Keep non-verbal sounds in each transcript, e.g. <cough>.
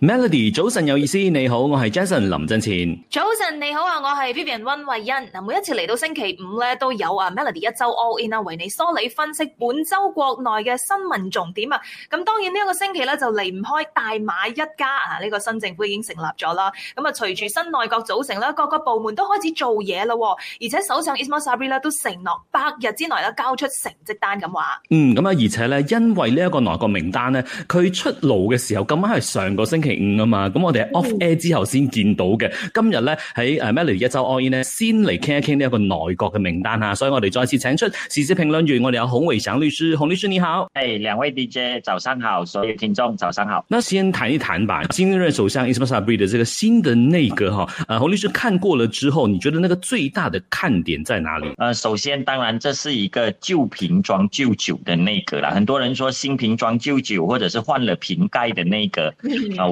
Melody，早晨有意思，你好，我係 Jason 林振前。早晨你好啊，我係 Vivian 溫慧欣。嗱，每一次嚟到星期五咧，都有啊 Melody 一周 all in 啊為你梳理分析本周國內嘅新聞重點啊。咁當然呢一個星期咧就離唔開大馬一家啊，呢個新政府已經成立咗啦。咁啊，隨住新內閣組成啦，各個部門都開始做嘢啦。而且首相 Ismail Sabri 咧都承諾百日之內咧交出成績單，咁話。嗯，咁啊，而且咧，因為呢一個內閣名單咧，佢出爐嘅時候，今晚係上個星五啊、 <music> 嗯、嘛，咁我哋 off air 之後先見到嘅。今日咧喺誒 Melody 一周 on in 咧，先嚟傾一傾呢一個內閣嘅名單啊。所以我哋再次請出時事評論員，我哋有洪偉祥律師，洪律師你好。誒，兩位 DJ 早上好，所有聽眾早上好。那先談一談吧，新任首相 Ismail Sabri 這呢個新的內閣哈，誒，洪律師看過了之後，你覺得那個最大的看點在哪裡？呃，首先當然，這是一個舊瓶裝舊酒的內閣啦。很多人說新瓶裝舊酒，或者是換了瓶蓋的內閣啊。呃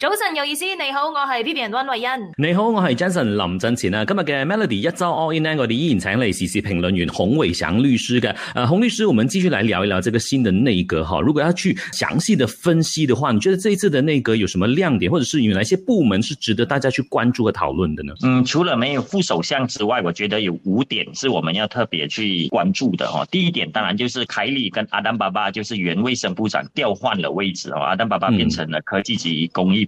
早晨有意思，你好，我係 B B 溫慧欣。你好，我係 j a s o n 林振前啊。今日嘅 Melody 一周 All In 呢，我哋依然請嚟時事評論員洪偉祥律師嘅。誒、呃，洪律師，我們繼續嚟聊一聊呢個新的內閣哈。如果要去詳細的分析的話，你覺得這一次的內閣有什麼亮點，或者是有哪些部門是值得大家去關注和討論的呢？嗯，除了沒有副首相之外，我覺得有五點是我們要特別去關注的。哦，第一點當然就是凱里跟阿丹爸爸，就是原衛生部長調換了位置哦，阿丹爸爸變成了科技及工藝。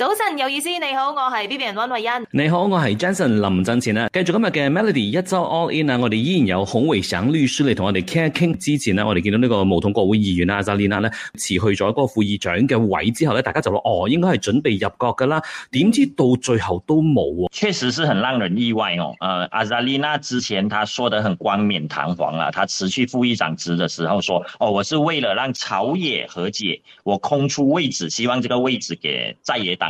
早晨，有意思，你好，我係 B B 人溫慧欣。你好，我係 Jason 林振前啊。繼續今日嘅 Melody 一周 All In 啊，我哋依然有孔維祥律師嚟同我哋傾一傾。之前呢，我哋見到呢個巫統國會議員啊，阿扎莉娜咧辭去咗嗰個副議長嘅位置之後咧，大家就話哦，應該係準備入閣噶啦，點知到最後都冇啊。確實是很讓人意外哦。誒、呃，阿扎莉娜之前他說得很冠冕堂皇啦，他辭去副議長職嘅時候說：哦，我是為了讓朝野和解，我空出位置，希望這個位置給在野黨。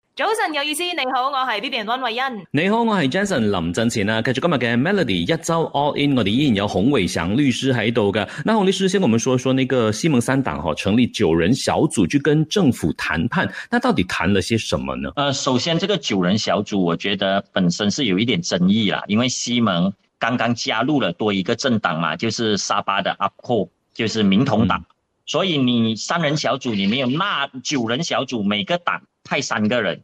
早晨有意思，你好，我係呢邊溫慧欣。你好，我係 Jason 林振賢啊，繼續今日嘅 Melody 一周 All In，我哋依然有洪偉祥律師喺度嘅。那洪律師先我們說說，那個西蒙三黨哈，成立九人小組去跟政府談判，那到底談了些什麼呢？呃，首先，這個九人小組，我覺得本身是有一點爭議啦，因為西蒙剛剛加入了多一個政黨嘛，就是沙巴的阿庫，就是民統黨。嗯、所以你三人小組，你沒有那九人小組，每個黨派三個人。